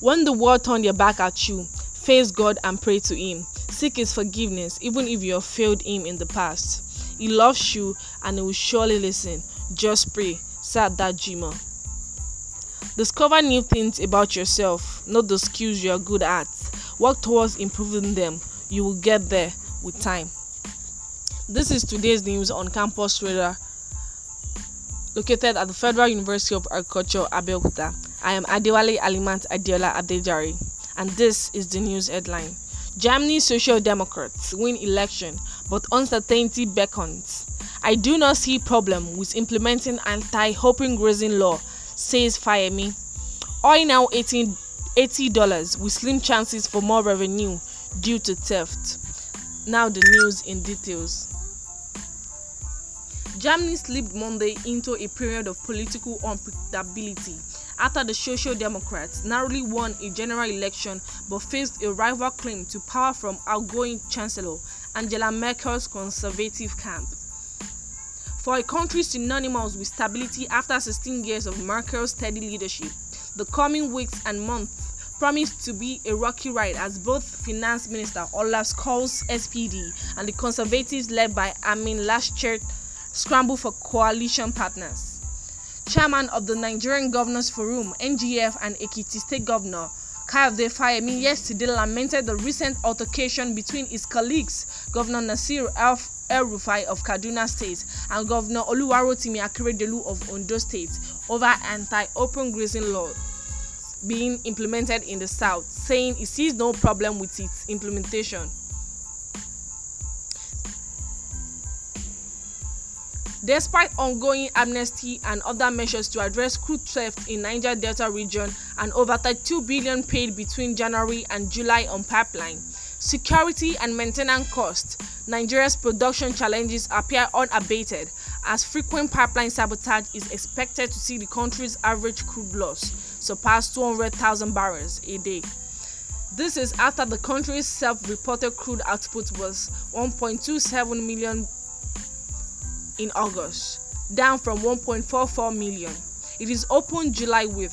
When the world turned their back at you, face God and pray to Him. Seek His forgiveness, even if you have failed Him in the past. He loves you and He will surely listen. Just pray. that Jima. Discover new things about yourself, not the skills you are good at. Work towards improving them. You will get there with time. This is today's news on Campus Radar, located at the Federal University of Agriculture, Abeokuta. I am Adewale Alimant Adeola Adejari, and this is the news headline. Germany Social Democrats win election, but uncertainty beckons. I do not see problem with implementing anti-hoping grazing law, says Fayemi. Oil now $80 with slim chances for more revenue due to theft. Now the news in details. Germany slipped Monday into a period of political unpredictability after the Social Democrats narrowly won a general election but faced a rival claim to power from outgoing Chancellor Angela Merkel's conservative camp. For a country synonymous with stability after 16 years of Merkel's steady leadership, the coming weeks and months promised to be a rocky ride as both Finance Minister Olaf Scholz SPD and the Conservatives led by Amin Laschet scramble for coalition partners. chairman of the Nigerian Governors Forum (NGF) and Ekiti State Governor Kayode Fayemi yesterday lamented the recent altercation between his colleagues Governor Nasir Elf El-Rufai of Kaduna State and Governor Oluwarotimi Akeredolu of Ondo State over anti-open grazing law being implemented in the south, saying he sees no problem with its implementation. Despite ongoing amnesty and other measures to address crude theft in Niger Delta region and over 32 billion paid between January and July on pipeline, security and maintenance costs, Nigeria's production challenges appear unabated as frequent pipeline sabotage is expected to see the country's average crude loss surpass 200,000 barrels a day. This is after the country's self reported crude output was 1.27 million in August, down from 1.44 million. It is open July with.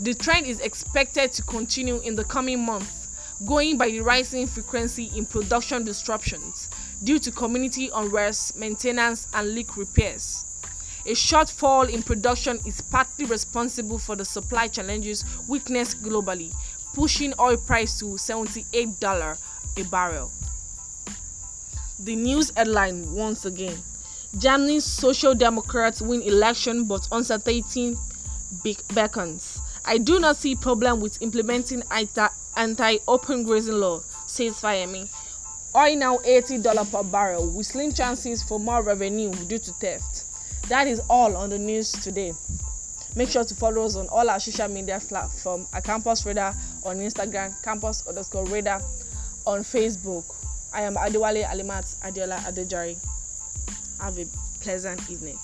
The trend is expected to continue in the coming months, going by the rising frequency in production disruptions due to community unrest, maintenance, and leak repairs. A shortfall in production is partly responsible for the supply challenges witnessed globally, pushing oil price to $78 a barrel. The news headline once again Germany's Social Democrats win election but uncertainty beckons. I do not see problem with implementing anti-open grazing law, says Fayemi. Oil now $80 per barrel with slim chances for more revenue due to theft. That is all on the news today. Make sure to follow us on all our social media platforms at Campus Radar on Instagram, Campus underscore Radar on Facebook. I am Adewale Alimat Adiola Adejari. Have a pleasant evening.